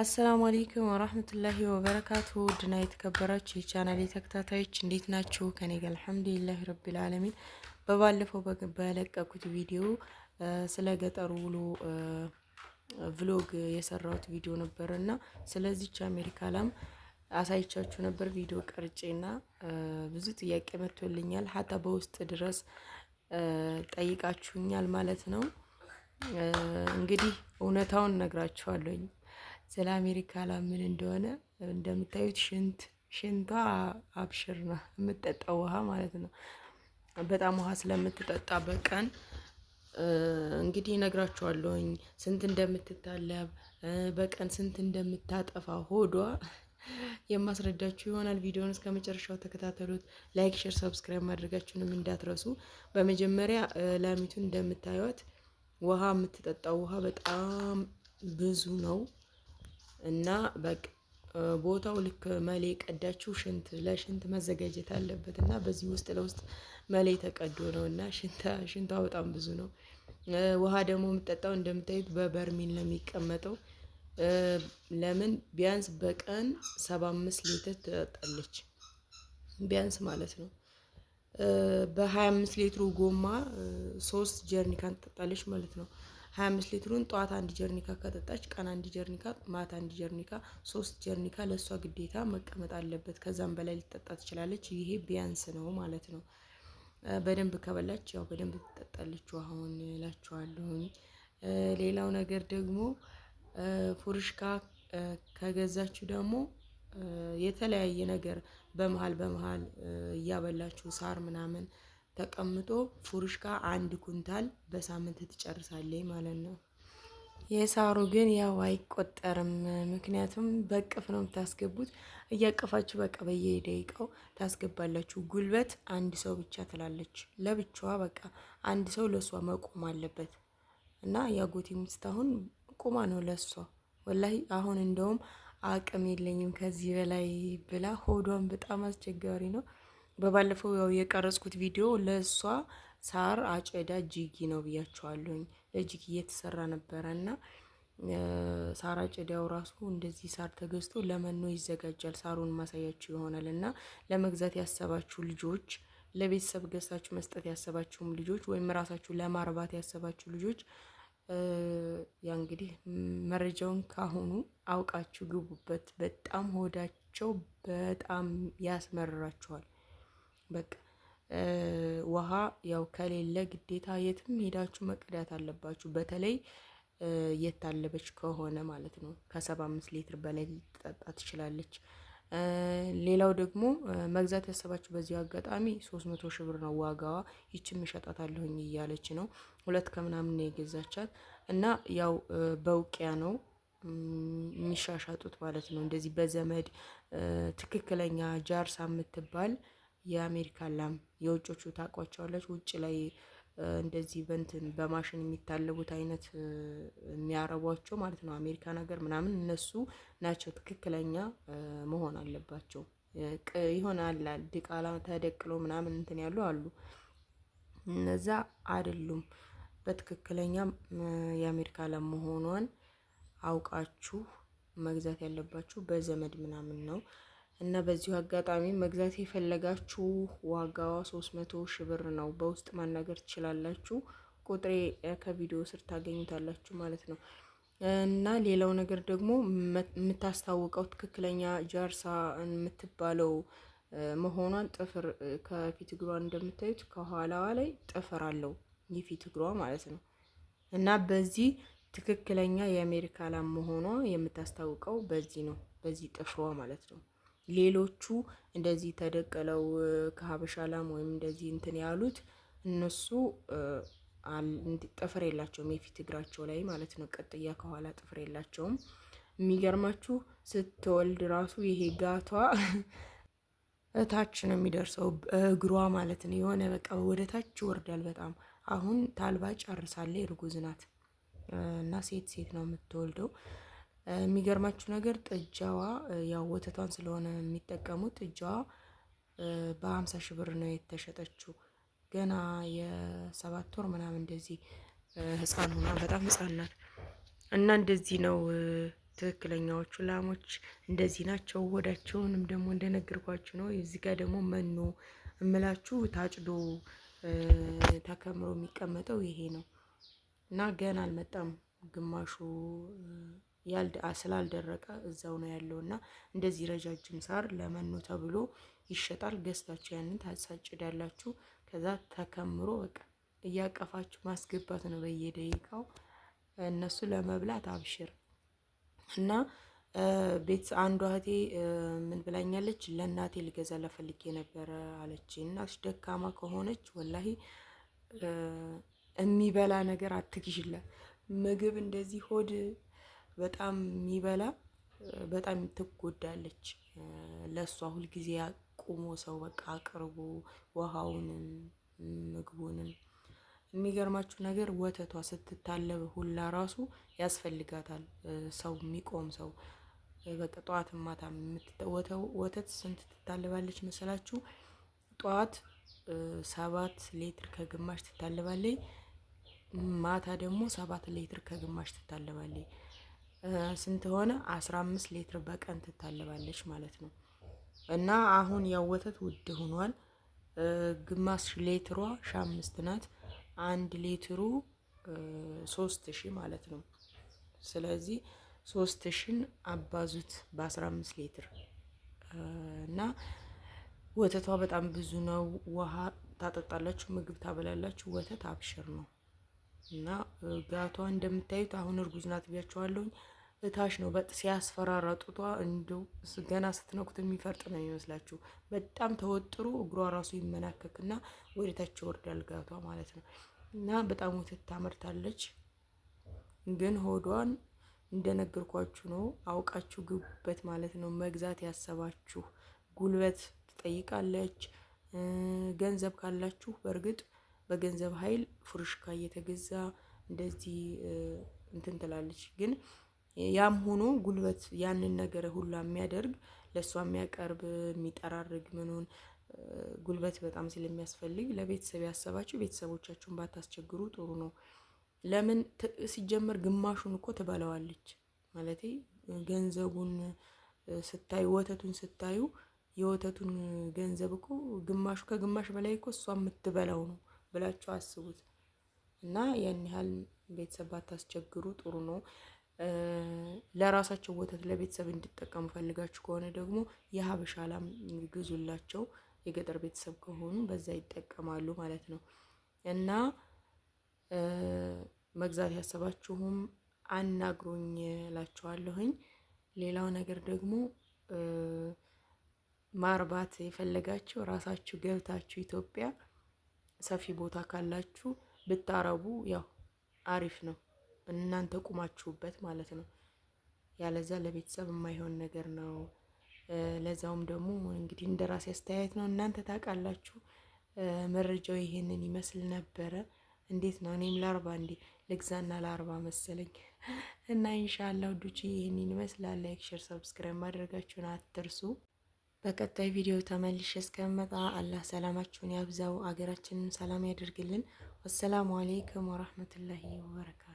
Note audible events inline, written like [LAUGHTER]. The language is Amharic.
አሰላሙ አሌይኩም ወራህመቱላሂ ወበረካቱ ድና የተከበራችሁ የቻናል ተከታታዮች እንዴት ናችሁ? ከኔ ጋር አልሐምዱሊላህ ረቢል ዓለሚን። በባለፈው በለቀኩት ቪዲዮ ስለ ገጠሩ ውሎ ቭሎግ የሰራሁት ቪዲዮ ነበር እና ስለዚች አሜሪካ ላም አሳይቻችሁ ነበር ቪዲዮ ቀርጬና ብዙ ጥያቄ መጥቶልኛል። ሀታ በውስጥ ድረስ ጠይቃችሁኛል ማለት ነው። እንግዲህ እውነታውን ነግራችኋለኝ ስለ አሜሪካ ላምን እንደሆነ እንደምታዩት ሽንት ሽንቷ አብሽር ነው የምጠጣው ውሃ ማለት ነው። በጣም ውሃ ስለምትጠጣ በቀን እንግዲህ ነግራችኋለሁኝ ስንት እንደምትታለብ በቀን ስንት እንደምታጠፋ ሆዷ የማስረዳችሁ ይሆናል። ቪዲዮውን እስከ መጨረሻው ተከታተሉት። ላይክ፣ ሼር፣ ሰብስክራይብ ማድረጋችሁንም እንዳትረሱ። በመጀመሪያ ላሚቱን እንደምታዩት ውሃ የምትጠጣው ውሃ በጣም ብዙ ነው። እና በቃ ቦታው ልክ መሌ ቀዳችሁ ሽንት ለሽንት መዘጋጀት አለበት እና በዚህ ውስጥ ለውስጥ መሌ ተቀዶ ነው እና ሽንቷ በጣም ብዙ ነው። ውሃ ደግሞ የምጠጣው እንደምታዩት በበርሚል ነው የሚቀመጠው። ለምን ቢያንስ በቀን ሰባ አምስት ሊትር ትጠጣለች ቢያንስ ማለት ነው። በሀያ አምስት ሊትሩ ጎማ ሶስት ጀርኒካን ትጠጣለች ማለት ነው። 25 ሊትሩን ጠዋት አንድ ጀርኒካ ከጠጣች ቀን አንድ ጀርኒካ፣ ማታ አንድ ጀርኒካ፣ ሶስት ጀርኒካ ለእሷ ግዴታ መቀመጥ አለበት። ከዛም በላይ ሊጠጣ ትችላለች። ይሄ ቢያንስ ነው ማለት ነው። በደንብ ከበላች ያው በደንብ ትጠጣለች አሁን እላችኋለሁኝ። ሌላው ነገር ደግሞ ፉርሽካ ከገዛችሁ ደግሞ የተለያየ ነገር በመሀል በመሀል እያበላችሁ ሳር ምናምን ተቀምጦ ፉርሽካ አንድ ኩንታል በሳምንት ትጨርሳለች ማለት ነው። የሳሩ ግን ያው አይቆጠርም። ምክንያቱም በቅፍ ነው የምታስገቡት። እያቀፋችሁ በቃ በየደቂቃው ታስገባላችሁ። ጉልበት አንድ ሰው ብቻ ትላለች ለብቻዋ። በቃ አንድ ሰው ለእሷ መቆም አለበት እና የአጎቴ ሚስት አሁን ቁማ ነው ለእሷ ወላሂ። አሁን እንደውም አቅም የለኝም ከዚህ በላይ ብላ ሆዷን በጣም አስቸጋሪ ነው። በባለፈው ያው የቀረጽኩት ቪዲዮ ለእሷ ሳር አጨዳ ጂጊ ነው ብያቸዋለሁኝ። ለጂጊ እየተሰራ ነበረ እና ሳር አጨዳው ራሱ እንደዚህ ሳር ተገዝቶ ለመኖ ይዘጋጃል። ሳሩን ማሳያችሁ ይሆናል እና ለመግዛት ያሰባችሁ ልጆች፣ ለቤተሰብ ገዝታችሁ መስጠት ያሰባችሁም ልጆች፣ ወይም ራሳችሁ ለማርባት ያሰባችሁ ልጆች ያ እንግዲህ መረጃውን ካሁኑ አውቃችሁ ግቡበት። በጣም ሆዳቸው በጣም ያስመርራችኋል። በቃ ውሃ ያው ከሌለ ግዴታ የትም ሄዳችሁ መቅዳት አለባችሁ። በተለይ የታለበች ከሆነ ማለት ነው ከሰባ አምስት ሊትር በላይ ልትጠጣ ትችላለች። ሌላው ደግሞ መግዛት ያሰባችሁ በዚሁ አጋጣሚ ሶስት መቶ ሺህ ብር ነው ዋጋዋ። ይችም እሸጣታለሁኝ እያለች ነው። ሁለት ከምናምን የገዛቻት እና ያው በውቅያ ነው የሚሻሻጡት ማለት ነው። እንደዚህ በዘመድ ትክክለኛ ጃርሳ የምትባል የአሜሪካ ላም የውጮቹ ታውቋቸዋለች። ውጭ ላይ እንደዚህ በንትን በማሽን የሚታለቡት አይነት የሚያረቧቸው ማለት ነው። አሜሪካ ነገር ምናምን እነሱ ናቸው ትክክለኛ መሆን አለባቸው። የሆነ አላ ድቃላ ተደቅሎ ምናምን እንትን ያሉ አሉ። እነዛ አይደሉም። በትክክለኛ የአሜሪካ ላም መሆኗን አውቃችሁ መግዛት ያለባችሁ በዘመድ ምናምን ነው። እና በዚሁ አጋጣሚ መግዛት የፈለጋችሁ ዋጋዋ 300 ሺህ ብር ነው። በውስጥ ማናገር ትችላላችሁ። ቁጥሬ ከቪዲዮ ስር ታገኙታላችሁ ማለት ነው። እና ሌላው ነገር ደግሞ የምታስታውቀው ትክክለኛ ጃርሳ የምትባለው መሆኗን ጥፍር ከፊት እግሯ እንደምታዩት ከኋላዋ ላይ ጥፍር አለው የፊት እግሯ ማለት ነው። እና በዚህ ትክክለኛ የአሜሪካ ላም መሆኗ የምታስታውቀው በዚህ ነው፣ በዚህ ጥፍሯ ማለት ነው። ሌሎቹ እንደዚህ ተደቅለው ከሀበሻ ላም ወይም እንደዚህ እንትን ያሉት እነሱ ጥፍር የላቸውም። የፊት እግራቸው ላይ ማለት ነው፣ ቀጥያ ከኋላ ጥፍር የላቸውም። የሚገርማችሁ ስትወልድ ራሱ ይሄ ጋቷ [LAUGHS] እታች ነው የሚደርሰው፣ እግሯ ማለት ነው። የሆነ በቃ ወደ ታች ይወርዳል በጣም። አሁን ታልባ ጨርሳለች፣ እርጉዝ ናት እና ሴት ሴት ነው የምትወልደው። የሚገርማችሁ ነገር ጥጃዋ ያው ወተቷን ስለሆነ የሚጠቀሙት ጥጃዋ በሀምሳ ሺህ ብር ነው የተሸጠችው። ገና የሰባት ወር ምናምን እንደዚህ ህፃን ሆና በጣም ህፃን ናት። እና እንደዚህ ነው ትክክለኛዎቹ ላሞች እንደዚህ ናቸው። ወዳቸውንም ደግሞ እንደነገርኳችሁ ነው። እዚህ ጋር ደግሞ መኖ እምላችሁ ታጭዶ ተከምሮ የሚቀመጠው ይሄ ነው እና ገና አልመጣም ግማሹ ስላልደረቀ እዛው ነው ያለው እና እንደዚህ ረጃጅም ሳር ለመኖ ተብሎ ይሸጣል። ገዝታችሁ ያንን ታሳጭዳላችሁ። ከዛ ተከምሮ በቃ እያቀፋችሁ ማስገባት ነው በየደቂቃው እነሱ ለመብላት አብሽር እና ቤት አንዷ እህቴ ምን ብላኛለች? ለእናቴ ልገዛ ለፈልጌ ነበረ አለች። እናትሽ ደካማ ከሆነች ወላሂ የሚበላ ነገር አትግዥላት ምግብ እንደዚህ ሆድ በጣም የሚበላ በጣም ትጎዳለች። ለእሷ ሁልጊዜ ቁሞ ሰው በቃ አቅርቦ ውሃውንም ምግቡንም የሚገርማችሁ ነገር ወተቷ ስትታለብ ሁላ ራሱ ያስፈልጋታል። ሰው የሚቆም ሰው በቃ ጠዋት ማታ ወተት ስንት ትታለባለች መሰላችሁ? ጠዋት ሰባት ሌትር ከግማሽ ትታለባለች። ማታ ደግሞ ሰባት ሌትር ከግማሽ ትታለባለች። ስንት ሆነ? 15 ሊትር በቀን ትታለባለች ማለት ነው። እና አሁን ያው ውድ ሆኗል። ግማሽ ሊትሯ ሺ አምስት ናት። አንድ ሊትሩ ሶስት ሺህ ማለት ነው። ስለዚህ ሶስት ሺህን አባዙት በ15 ሊትር እና ወተቷ በጣም ብዙ ነው። ውሃ ታጠጣላችሁ፣ ምግብ ታበላላችሁ። ወተት አብሽር ነው እና ጋቷ እንደምታዩት አሁን እርጉዝ ናት ብያችኋለሁኝ። እታች ነው። በጥ ሲያስፈራራጡቷ እንደው ገና ስትነኩት የሚፈርጥ ነው የሚመስላችሁ። በጣም ተወጥሮ እግሯ ራሱ ይመናከክና ወደ ታች ይወርዳል ጋቷ ማለት ነው። እና በጣም ወተት ታመርታለች። ግን ሆዷን እንደነገርኳችሁ ነው። አውቃችሁ ግቡበት ማለት ነው። መግዛት ያሰባችሁ ጉልበት ትጠይቃለች። ገንዘብ ካላችሁ በእርግጥ በገንዘብ ኃይል ፍርሽካ እየተገዛ እንደዚህ እንትን ትላለች ግን ያም ሆኖ ጉልበት ያንን ነገር ሁላ የሚያደርግ ለእሷ የሚያቀርብ የሚጠራርግ ምንሆን ጉልበት በጣም ስለሚያስፈልግ ለቤተሰብ ያሰባችሁ ቤተሰቦቻችሁን ባታስቸግሩ ጥሩ ነው። ለምን ሲጀመር ግማሹን እኮ ትበላዋለች ማለት ገንዘቡን ስታዩ ወተቱን ስታዩ የወተቱን ገንዘብ እኮ ግማሹ ከግማሽ በላይ እኮ እሷ የምትበላው ነው ብላችሁ አስቡት እና ያን ያህል ቤተሰብ ባታስቸግሩ ጥሩ ነው። ለራሳቸው ወተት ለቤተሰብ እንዲጠቀሙ ፈልጋችሁ ከሆነ ደግሞ የሀበሻ ላም ግዙላቸው። የገጠር ቤተሰብ ከሆኑ በዛ ይጠቀማሉ ማለት ነው። እና መግዛት ያሰባችሁም አናግሮኝ ላችኋለሁኝ። ሌላው ነገር ደግሞ ማርባት የፈለጋችሁ ራሳችሁ ገብታችሁ ኢትዮጵያ ሰፊ ቦታ ካላችሁ ብታረቡ ያው አሪፍ ነው። እናንተ ቁማችሁበት ማለት ነው። ያለዛ ለቤተሰብ የማይሆን ነገር ነው። ለዛውም ደግሞ እንግዲህ እንደ ራሴ አስተያየት ነው። እናንተ ታውቃላችሁ። መረጃው ይሄንን ይመስል ነበረ። እንዴት ነው? እኔም ለአርባ እንዴ ልግዛና ለአርባ መሰለኝ እና ኢንሻላ ውዶች ይሄንን ይመስላል። ላይክ፣ ሼር፣ ሰብስክራይብ ማድረጋችሁን አትርሱ። በቀጣይ ቪዲዮ ተመልሼ እስከመጣ አላህ ሰላማችሁን ያብዛው፣ አገራችንን ሰላም ያደርግልን። ወሰላሙ አሌይኩም ወራህመቱላሂ ወበረካቱ